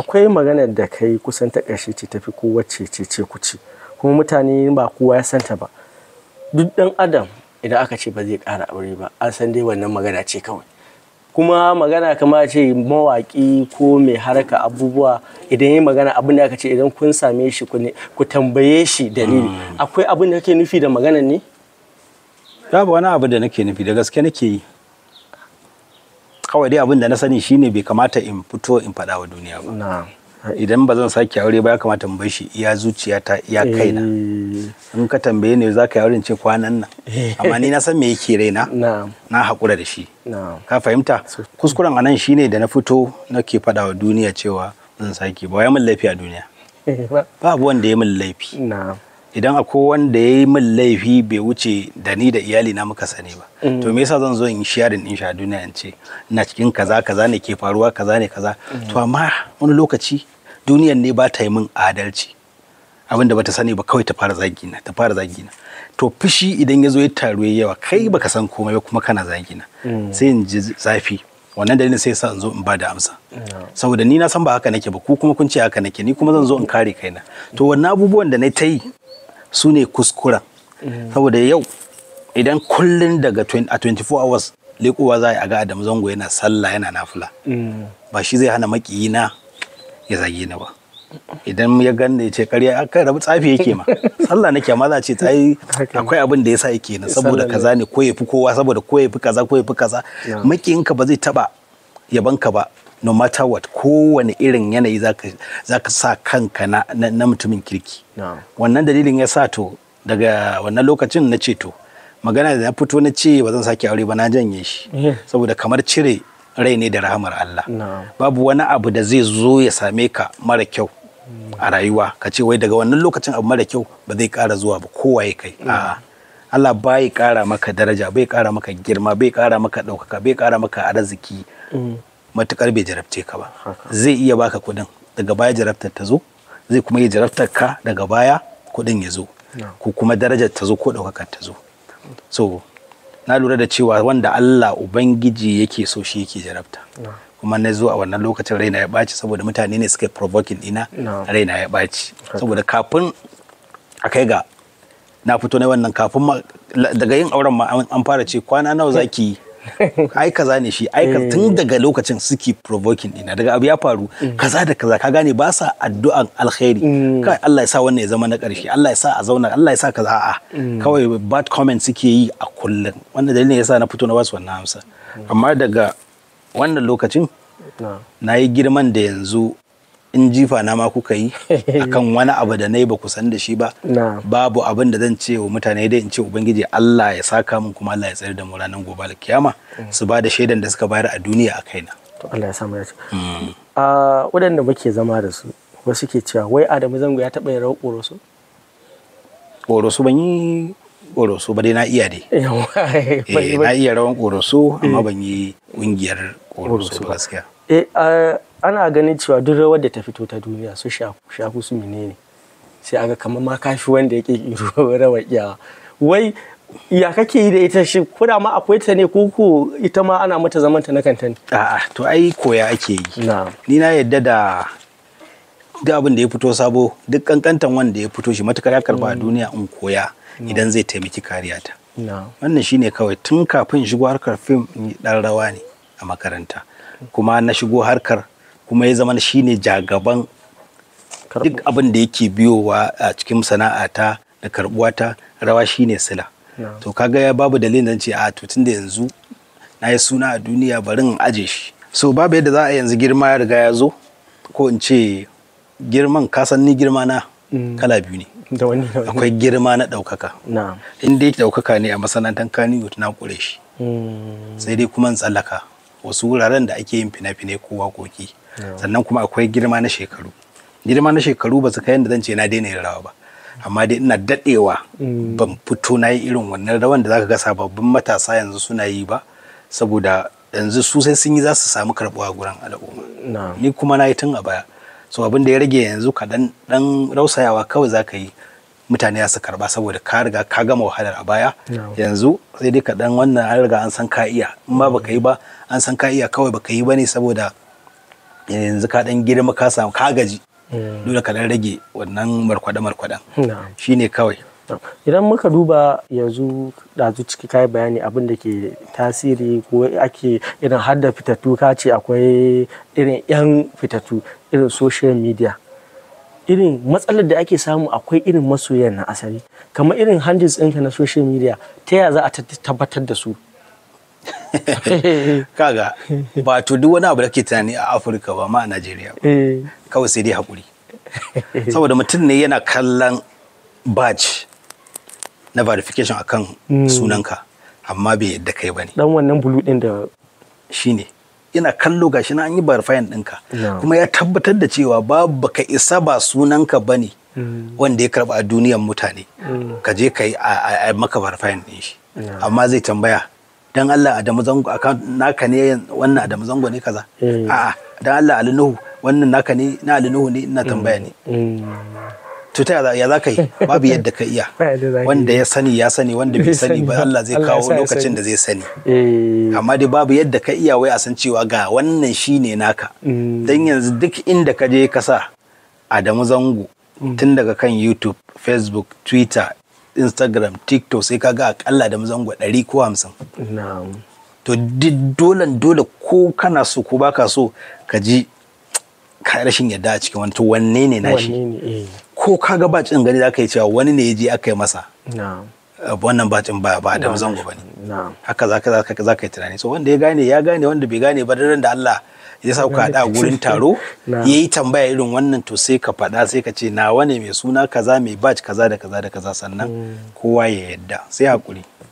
Akwai maganar da kai kusan ta ƙarshe ce tafi kowace ce ce kuci kuma mutane ba kowa ya santa ba. Duk ɗan adam idan aka ce ba zai ƙara aure ba an san dai wannan magana ce kawai. Kuma magana kama ce mawaƙi ko mai harka abubuwa idan yi magana abin da aka ce idan kun same shi ku tambaye shi dalili. Mm. Akwai abin da kake nufi da maganan ne? Babu wani abu da nake nufi da gaske nake yi. kawai dai abin da na sani shine bai kamata in fito in faɗa wa duniya ba idan ba zan sake aure ba ya kamata in bar shi iya zuciyata iya eh. kaina in ka tambaye ne za ka yi ce kwanan nan eh. amma ni na san me yake raina na haƙura da shi ka fahimta kuskuren anan shine da na fito nake faɗa wa duniya cewa zan sake ba ya min laifi a duniya eh babu wanda ya min laifi idan akwai wanda ya yi min laifi bai wuce da ni da iyali na muka sani ba mm. to me yasa zan zo in sharing din sha duniya in ce ina cikin kaza kaza ne ke faruwa kaza ne kaza mm. to amma wani lokaci duniyan ne ba ta yi min adalci abin da bata sani ba kawai ta fara zagi na ta fara zagi na to fushi idan ya zo ya taru yawa kai baka san komai ba kuma kana zagi na mm. sai in ji zafi wannan dalilin sai sa in zo in ba da amsa saboda ni na san ba haka nake ba ku kuma kun ce haka nake ni kuma zan zo in kare kaina to wannan abubuwan da na ta yi su ne kuskuren saboda yau idan kullum daga a 24 hours lekowa za a ga Adam Zango yana sallah yana nafula ba shi zai hana makiyina ya zage ni ba idan ya ganne ce karya aka ah, rabu tsafi yake ma sallah na ma za ce tsayi akwai abin da yasa yake na saboda kaza ne ko ya fi kowa saboda ko ya fi kaza ko ya fi kaza makiyinka ba zai taba yabanka ba no matter what kowane irin yanayi za ka sa kanka na, na, mutumin kirki no. wannan dalilin ya sa to daga wannan lokacin na ce to magana da na fito na ce ba zan sake aure ba na janye shi eh. saboda kamar cire rai ne da rahamar Allah babu wani abu da zai zo ya same ka mara kyau a rayuwa ka ce wai daga wannan lokacin abu mara kyau ba zai kara zuwa ba ya kai a'a Allah bai kara maka daraja bai kara maka girma bai kara maka ɗaukaka bai kara maka arziki mm. matukar bai jarabce ka ba zai iya baka kuɗin daga baya jarabtar ta zo zai kuma yi jarabtar ka daga baya kuɗin ya zo ko kuma darajar ta zo ko daukakar ta zo so na lura da cewa wanda Allah ubangiji yake so shi yake jarabta kuma na zo a wannan lokacin raina ya ɓaci saboda mutane ne suka provoking ɗina raina ya ɓaci saboda kafin a kai ga na fito na wannan kafin daga yin auren ma an fara ce kwana nawa zaki yi ai kaza ne shi ai eh. tun daga lokacin suke provoking ina daga abu ya faru mm. kaza da kaza ka gane ba sa addu'an alkhairi mm. kai Allah ya sa wannan ya zama na karshe Allah ya sa a zauna Allah ya sa kaza a'a mm. kawai bad comment suke yi a kullum wannan dalilin yasa na fito na wasu wannan amsa amma daga wannan lokacin na yi girman da yanzu in jifa na ma kuka yi akan wani abu da na yi ba ku san da shi ba babu abin da zan ce wa mutane dai in ce ubangiji Allah ya saka mun kuma Allah ya tsare da mu ranar gobe kiyama mm. su ba da shaidan da suka bayar a duniya a kaina to Allah ya samu ya ce mm. a wadanda muke zama da su wasu ke cewa wai Adamu Zango ya taɓa yin ƙoroso ƙoroso ban yi ƙoroso ba dai na iya dai eh, na iya rawan ƙoroso amma mm. ban yi ƙungiyar su eh, ana ganin cewa duk rawar da ta fito ta duniya su shaku su menene sai aga kamar ma kafi wanda yake rawar iyawa wai ya kake yi da ita shi da ma akwai ta ne koko ita ma ana mata zamanta na kanta a'a to ai koya ake yi ni na yadda da duk abin da ya fito sabo duk kankantan wanda ya fito shi matukar ya karba a mm. duniya in koya idan zai taimaki kariya ta wannan shine kawai tun kafin shigo harkar fim ɗan rawa ne a makaranta kuma na shigo harkar kuma ya zama shine jagaban duk abin da yake biyowa a cikin sana'a ta da karbuwa ta rawa shine sila to kaga ya babu dalilin zan ce a to da yanzu na yi suna a duniya bari in aje shi so babu yadda za a yanzu girma ya riga ya zo ko in ce girman kasan ni girma na mm. kala biyu ne akwai girma na ɗaukaka inda yake ɗaukaka ne a masana'antar kaniwood na kure shi mm. sai dai kuma in tsallaka wasu wuraren da ake yin fina-finai ko wakoki sannan kuma akwai girma na shekaru girma na shekaru ba su kai yadda zan ce na daina yin rawa ba amma dai ina daɗewa mm. ban fito na yi irin wannan rawan da zaka ga sababbin matasa yanzu suna yi ba saboda yanzu su sai sun yi za su samu karɓuwa gurin al'umma ni kuma na yi tun a baya so abin da ya rage yanzu ka dan rausayawa kawai za ka yi mutane ya su karba saboda ka riga ka gama wahalar a baya yanzu sai dai ka dan wannan an riga an san ka iya in ma baka yi ba an san ka iya kawai baka yi ba ne saboda yanzu ka dan girma ka samu ka gaji dole ka dan rage wannan markwada markwadan shine kawai idan muka duba yanzu ɗazu ciki kai bayani abin da ke tasiri ko ake irin hadda fitattu ka ce akwai irin 'yan fitattu irin social media irin matsalar da ake samu akwai irin masoyan na asali kamar irin handles ɗinka na social media ta yaya za a tabbatar da su kaga ba to duk wani abu da ke tunani a afirka ba ma a najeriya eh. kawai sai dai haƙuri saboda mutum ne yana kallon badge na verification akan hmm. sunanka amma bai yadda kai ba ne dan wannan bulu ɗin da shine yana kallo gashi na an yi barfayan ɗinka kuma ya tabbatar da cewa babu baka isa ba sunanka bane mm. wanda ya karba a duniyar mutane mm. ka je ka yi a maka barfayan ɗin shi amma zai tambaya dan Allah Adamu Zango account naka ne wannan Adamu Zango ne kaza mm. a'a dan Allah Ali Nuhu wannan naka ne na Ali Nuhu ne ina tambaya ne to ta ya za ka yi babu yadda ka iya wanda ya sani ya sani wanda bai sani ba Allah zai kawo lokacin da zai sani eh. amma dai babu yadda ka iya wai a san cewa ga wannan shine naka mm. dan yanzu duk inda ka je ka sa Adamu Zango mm. tun daga kan YouTube Facebook Twitter Instagram TikTok sai ka ga akalla Adamu Zango 100 ko 50 to dole dole ko kana so ko baka so ka ji ka rashin yadda a cikin wani to wanne ne nashi eh. ko ka ga bacin gani da aka yi cewa wani ne ya je aka yi masa uh, wannan bacin ba ba da zango ba ne haka za ka yi tunani so wanda ya gane ya gane wanda bai gane ba da Allah ya sa ka haɗa gurin taro ya yi tambaya irin wannan to sai ka faɗa sai ka ce nawa ne mai suna kaza mai bac kaza da kaza da kaza sannan mm. kowa ya yadda sai hakuri